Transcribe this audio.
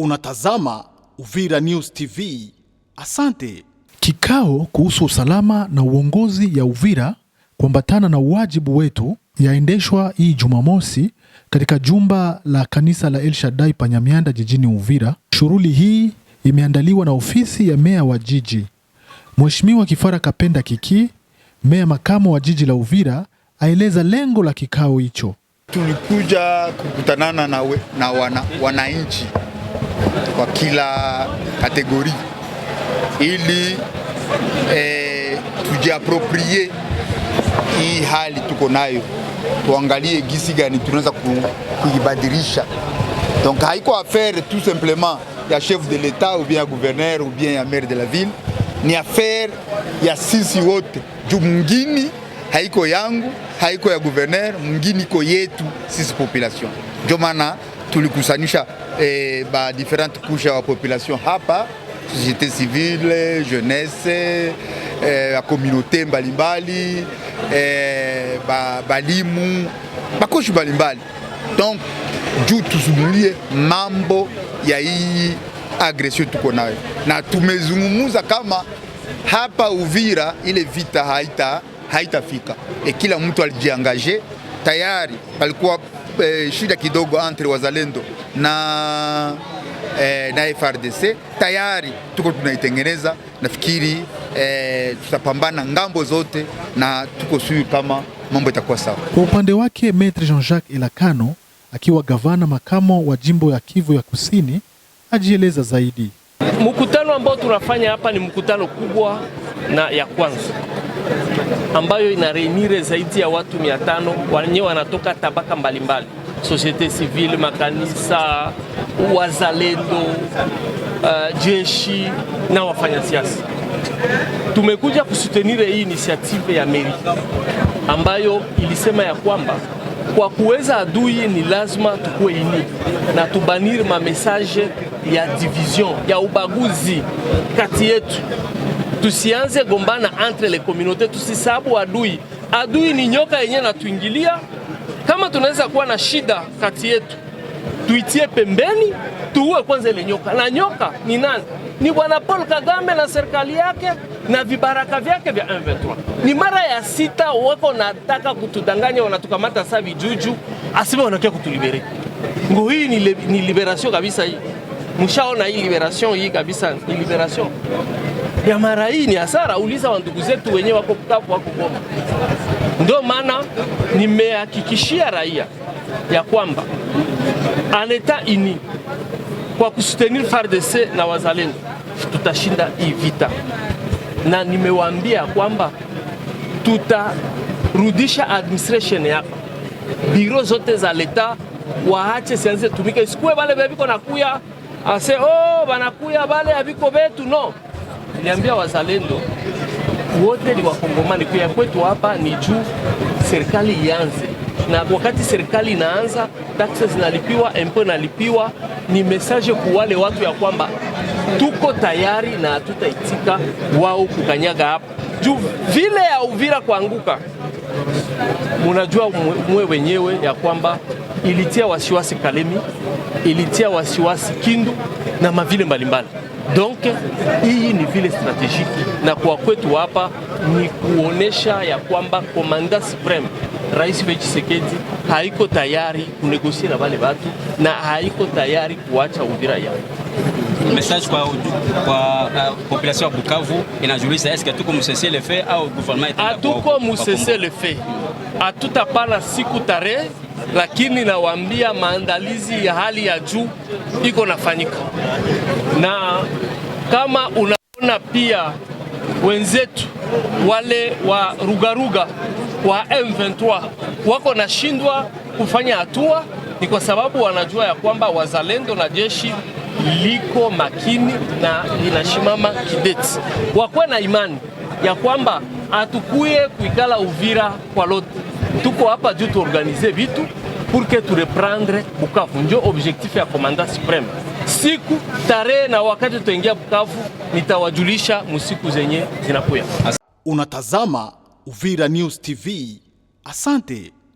Unatazama Uvira News TV. Asante. Kikao kuhusu usalama na uongozi ya Uvira kuambatana na uwajibu wetu yaendeshwa hii Jumamosi katika jumba la kanisa la El Shaddai Panyamianda jijini Uvira. Shughuli hii imeandaliwa na ofisi ya meya wa jiji Mheshimiwa Kifara Kapenda Kiki. Meya makamo wa jiji la Uvira aeleza lengo la kikao hicho. Tulikuja kukutanana na, na wananchi wana kwa kila kategori ili eh, tujiaproprie hii hali tuko nayo, tuangalie gisi gani tunaweza kuibadilisha. Donc haiko affaire tout simplement ya chef de l'etat ou bien ya gouverneur ou bien ya maire de la ville, ni affaire ya sisi wote juu mungini haiko yangu haiko ya gouverneur, mungini iko yetu sisi population. Ndio maana tulikusanisha eh, ba different couche ya population hapa, société civile, jeunesse eh, ba communauté mbalimbali eh, ba balimu bakoshi mbalimbali, donc juu tuzumulie mambo ya hii agression tuko nayo, na tumezungumuza kama hapa Uvira ile vita haita haitafika, e kila mtu alijiangaje tayari palikuwa eh, shida kidogo entre wazalendo na eh, na FRDC tayari tuko tunaitengeneza. Nafikiri eh, tutapambana ngambo zote na tuko suru kama mambo itakuwa sawa. Kwa upande wake Maitre Jean-Jacques Elakano akiwa gavana makamo wa jimbo ya Kivu ya Kusini ajieleza zaidi. Mkutano ambao tunafanya hapa ni mkutano kubwa na ya kwanza ambayo ina reunire zaidi ya watu mia tano wenye wanatoka tabaka mbalimbali mbali. Societe civile, makanisa, wazalendo, uh, jeshi na wafanyasiasa. Tumekuja kusutenire hii inisiative ya meri ambayo ilisema ya kwamba kwa kuweza adui ni lazima tukue ini na tubanire mamesaje ya division ya ubaguzi kati yetu tusianze gombana entre les communautés, tusisabu adui. Adui ni nyoka yenye natuingilia. Kama tunaweza kuwa na shida kati yetu, tuitie pembeni, tuue kwanza ile nyoka. Na nyoka ni nani? Ni bwana Paul Kagame na serikali yake na vibaraka vyake vya M23. Ni mara ya sita wako nataka kutudanganya, wanatukamata saa vijuju, asema wanakia kutulibere. Ngo hii ni, li, ni liberation kabisa hii mshaona hii liberation hii kabisa, ni liberation ya mara hii ni hasara. Uliza ndugu zetu wenyewe wako Bukavu, wako Goma. Ndio maana nimehakikishia raia ya kwamba aneta ini kwa kusutenir FARDC na wazalendo tutashinda hii vita, na nimewaambia kwamba tutarudisha administration hapa, biro zote za leta waache sianze tumike, sikuwe wale bebiko nakuya ase oh, banakuya bale aviko betu no. Niliambia wazalendo wote ni Wakongomani, kuya kwetu hapa ni juu serikali ianze, na wakati serikali inaanza taxes zinalipiwa, empo nalipiwa ni kwa kuwale watu ya kwamba tuko tayari na hatutaitika wao kukanyaga hapa juu vile ya Uvira kuanguka. Munajua mwe wenyewe ya kwamba ilitia wasiwasi Kalemi, ilitia wasiwasi Kindu na mavile mbalimbali. Donc hii ni vile strategiki, na kwa kwetu hapa ni kuonesha ya kwamba komanda supreme Rais Felix Tshisekedi haiko tayari kunegosia na wale watu na haiko tayari kuacha Uvira ya Message kwa kwa uh, population ya Bukavu inajulisha est-ce que tuko musese le fait au gouvernement atuko musese le fait atutapana siku tarehe lakini nawaambia maandalizi ya hali ya juu iko nafanyika, na kama unaona pia wenzetu wale wa rugaruga wa M23 wako nashindwa kufanya hatua, ni kwa sababu wanajua ya kwamba wazalendo na jeshi liko makini na linashimama kideti. Wakuwa na imani ya kwamba hatukuye kuikala Uvira kwa lote tuko hapa juu tuorganize vitu purke tureprendre Bukavu, njo objectif ya komanda supreme. Siku tarehe na wakati tutaingia Bukavu nitawajulisha musiku zenye zinapoya. Unatazama Uvira News TV. Asante.